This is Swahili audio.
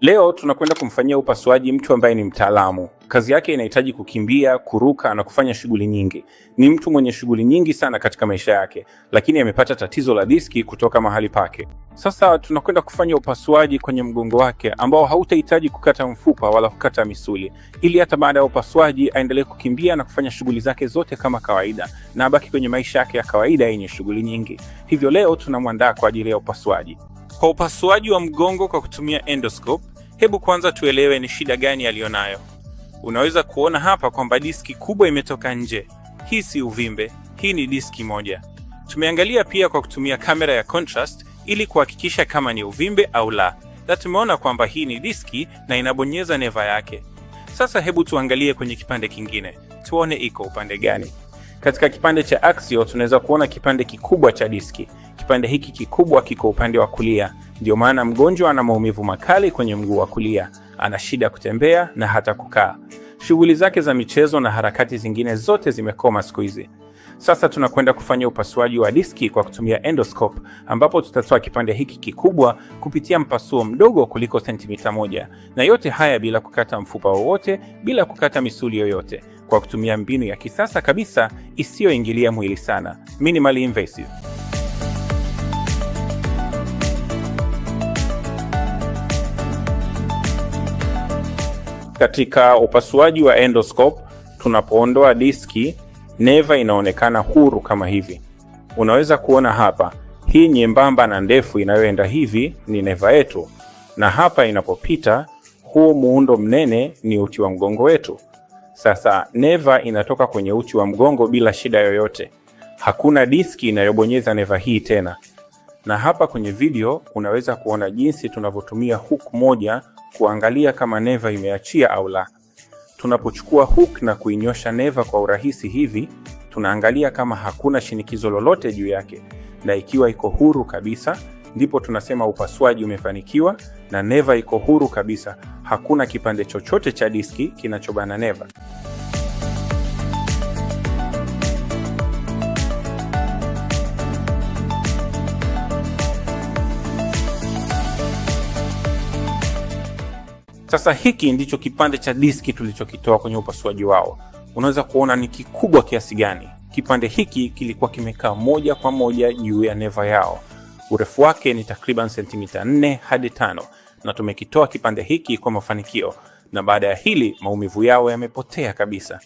Leo tunakwenda kumfanyia upasuaji mtu ambaye ni mtaalamu. Kazi yake inahitaji kukimbia, kuruka na kufanya shughuli nyingi. Ni mtu mwenye shughuli nyingi sana katika maisha yake, lakini amepata tatizo la diski kutoka mahali pake. Sasa tunakwenda kufanya upasuaji kwenye mgongo wake ambao hautahitaji kukata mfupa wala kukata misuli, ili hata baada ya upasuaji aendelee kukimbia na kufanya shughuli zake zote kama kawaida na abaki kwenye maisha yake ya kawaida yenye shughuli nyingi. Hivyo leo tunamwandaa kwa ajili ya upasuaji. Kwa upasuaji wa mgongo kwa kutumia endoscope, hebu kwanza tuelewe ni shida gani aliyonayo. Unaweza kuona hapa kwamba diski kubwa imetoka nje. Hii si uvimbe, hii ni diski moja. Tumeangalia pia kwa kutumia kamera ya contrast ili kuhakikisha kama ni uvimbe au la, na tumeona kwamba hii ni diski na inabonyeza neva yake. Sasa hebu tuangalie kwenye kipande kingine, tuone iko upande gani. Katika kipande cha axio tunaweza kuona kipande kikubwa cha diski. Kipande hiki kikubwa kiko upande wa kulia, ndio maana mgonjwa ana maumivu makali kwenye mguu wa kulia, ana shida kutembea na hata kukaa. Shughuli zake za michezo na harakati zingine zote zimekoma siku hizi. Sasa tunakwenda kufanya upasuaji wa diski kwa kutumia endoscope, ambapo tutatoa kipande hiki kikubwa kupitia mpasuo mdogo kuliko sentimita moja, na yote haya bila kukata mfupa wowote, bila kukata misuli yoyote, kwa kutumia mbinu ya kisasa kabisa isiyoingilia mwili sana, minimally invasive. Katika upasuaji wa endoscope, tunapoondoa diski, neva inaonekana huru kama hivi. Unaweza kuona hapa, hii nyembamba na ndefu inayoenda hivi ni neva yetu, na hapa inapopita huo muundo mnene ni uti wa mgongo wetu. Sasa neva inatoka kwenye uti wa mgongo bila shida yoyote. Hakuna diski inayobonyeza neva hii tena. Na hapa kwenye video unaweza kuona jinsi tunavyotumia hook moja kuangalia kama neva imeachia au la. Tunapochukua hook na kuinyosha neva kwa urahisi hivi, tunaangalia kama hakuna shinikizo lolote juu yake, na ikiwa iko huru kabisa, ndipo tunasema upasuaji umefanikiwa na neva iko huru kabisa, hakuna kipande chochote cha diski kinachobana neva. Sasa hiki ndicho kipande cha diski tulichokitoa kwenye upasuaji wao. Unaweza kuona ni kikubwa kiasi gani. Kipande hiki kilikuwa kimekaa moja kwa moja juu ya neva yao. Urefu wake ni takriban sentimita 4 hadi 5 na tumekitoa kipande hiki kwa mafanikio, na baada ya hili maumivu yao yamepotea kabisa.